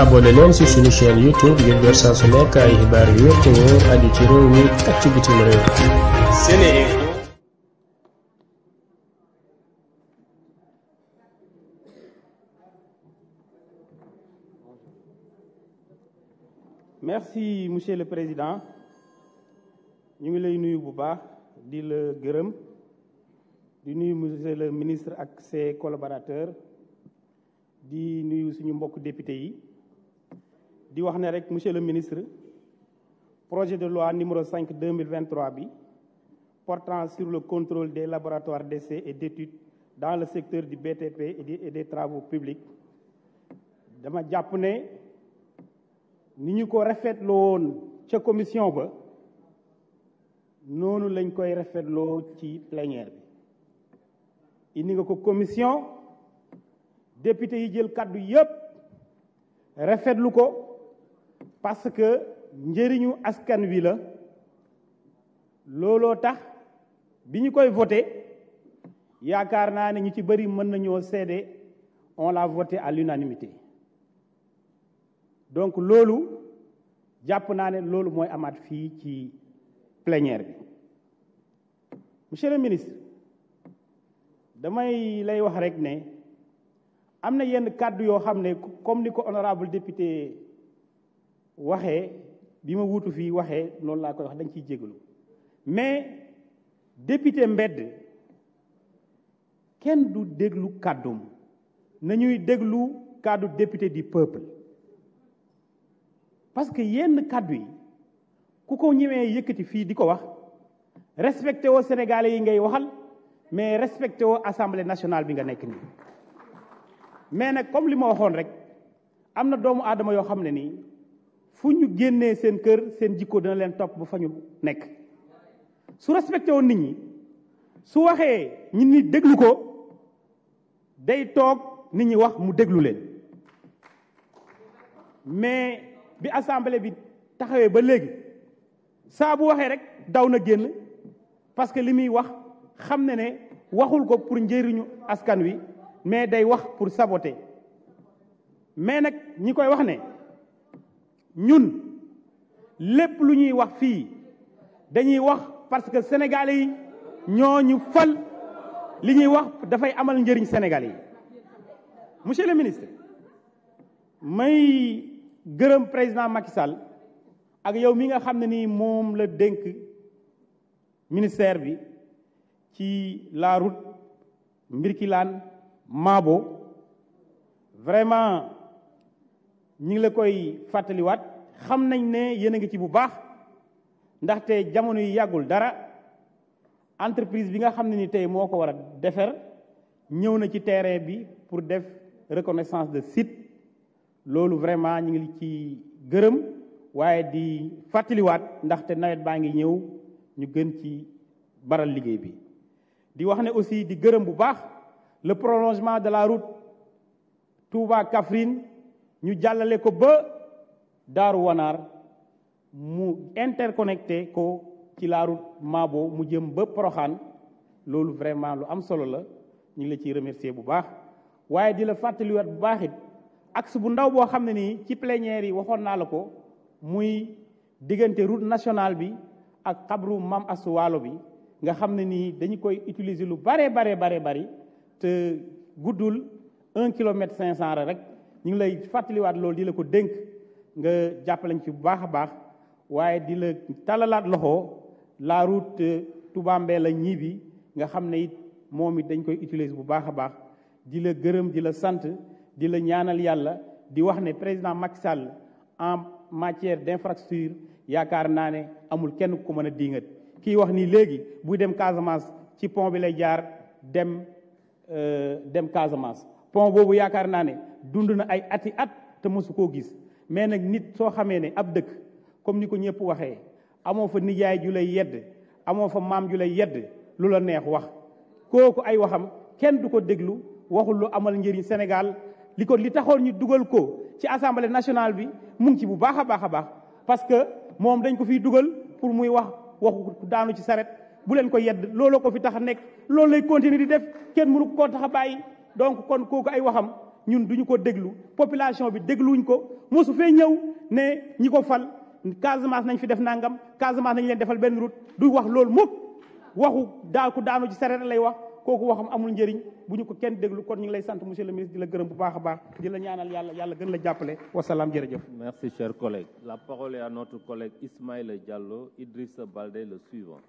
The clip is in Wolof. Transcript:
abonné leen ci suñu chaîne YouTube ngir jot saa yu wér te ci réew mi ci bitim Merci monsieur le président ñu ngi lay nuyu bu baax di la gërëm di nuyu monsieur le ministre ak ses collaborateurs di nuyu suñu mbokk député yi di wax ne rek monsieur le ministre projet de loi numéro 5 2023 bi portant sur le contrôle des laboratoires d'essais et d'études dans le secteur du BTP et des travaux publics dama jàpp ne ni ñu ko rafetloo woon ca commission ba noonu lañ koy rafetloo ci plénière bi indi nga ko commission député yi jël kàddu yépp rafetlu ko parce que njëriñu askan wi la looloo tax bi ñu koy voté yaakaar naa ne ñu ci bëri mën nañoo seede on l'a voté à l'unanimité donc loolu jàpp naa ne loolu mooy amaat fii ci plénière bi monsieur le ministre damay lay wax rek ne am na yenn kàddu yoo xam ne comme ni ko honorable député waxee bi ma wutu fii waxee loolu laa koy wax dañ ciy jégalu mais député mbedd kenn du déglu kàddum nañuy déglu kàddu député du peuple parce que yenn kàddu yi ku ko ñëwee yëkkati fii di ko wax respecté woo sénégalais yi ngay waxal mais respecté woo assemblée nationale bi nga nekk nii mais nag comme li ma waxoon rek am na doomu aadama yoo xam ne nii fu ñu génnee seen kër seen jikkoo dina leen topp ba fa ñu nekk su respecté woon nit ñi su waxee ñi ni déglu ko day toog nit ñi wax mu déglu leen mais bi assemblée bi taxawee ba léegi saa bu waxee rek daw na génn parce que li muy wax xam ne ne waxul ko pour njëriñu askan wi mais day wax pour saboter mais nag ñi koy wax ne ñun lépp lu ñuy wax fii dañuy wax parce que sénégalais yi ñoo ñu fal li ñuy wax dafay amal njëriñ sénégalais yi monsieur le ministre may gërëm président Macky ak yow mi nga xam ne ni moom la dénk ministère bi ci la route Mbirkilaan Maabo vraiment ñi ngi la koy fàttaliwaat xam nañ ne yéen a ngi ci bu baax ndaxte jamono yi yàggul dara entreprise bi nga xam ne ni tey moo ko war a defar ñëw na ci terrain bi pour def reconnaissance de site loolu vraiment ñi ngi ci gërëm waaye di fàttaliwaat ndaxte nawet baa ngi ñëw ñu gën ci baral liggéey bi di wax ne aussi di gërëm bu baax le prolongement de la route Touba Kaffrine ñu jàllale ko ba daaru wanaar mu interconnecté ko ci la route Mabo mu jëm ba Poroxaan loolu vraiment lu am solo la ñu ngi la ciy remercier bu baax waaye di la fàttaliwaat bu baax it axe bu ndaw boo xam ne nii ci plénière yi waxoon naa la ko muy diggante route nationale bi ak xabru Mam Astu Waalo bi nga xam ne nii dañu koy utiliser lu bare bare bare bari te guddul un kilomètre cinq cent rek ñu ngi lay fàttaliwaat lool di la ko dénk nga jàppalañ ci bu baax a baax waaye di la talalaat loxo la route Touba Mbella Gniby nga xam ne it moom it dañ koy utiliser bu baax a baax di la gërëm di la sant di la ñaanal yàlla di wax ne président Macky Sall en matière d'infrastructure yaakaar naa ne amul kenn ku mën a diingat kii wax nii léegi buy dem Casamance ci pont bi lay jaar dem euh, dem Casamance pont boobu yaakaar naa ne dund na ay ati at te mosu koo gis mais nag nit soo xamee ne ab dëkk comme ni ko ñëpp waxee amoo fa nijaay ju lay yedd amoo fa maam ju lay yedd lu la neex wax kooku ay waxam kenn du ko déglu waxul lu amal njëriñ Sénégal li ko li taxoon ñu dugal ko ci assemblée nationale bi mu ngi bu baax a baax a baax parce que moom dañ ko fiy dugal pour muy wax waxu daanu ci saret bu leen ko yedd looloo ko fi tax a nekk loolu lay continuer di def kenn mënu ko tax a bàyyi donc kon kooku ay waxam ñun duñu ko déglu population bi dégluwuñ ko mosu fee ñëw ne ñi ko fal Casamance nañ fi def nangam Casamance nañ leen defal benn route du wax loolu mukk waxu daa ku daanu ci sareet lay wax kooku waxam amul njëriñ bu ñu ko kenn déglu kon ñu lay sant monsieur le ministre di la gërëm bu baax a baax di la ñaanal yàlla yàlla gën la jàppale wasalaam jërëjëf merci cher collègue la parole est à notre collègue Ismaïla Diallo Idrissa Baldé le suivant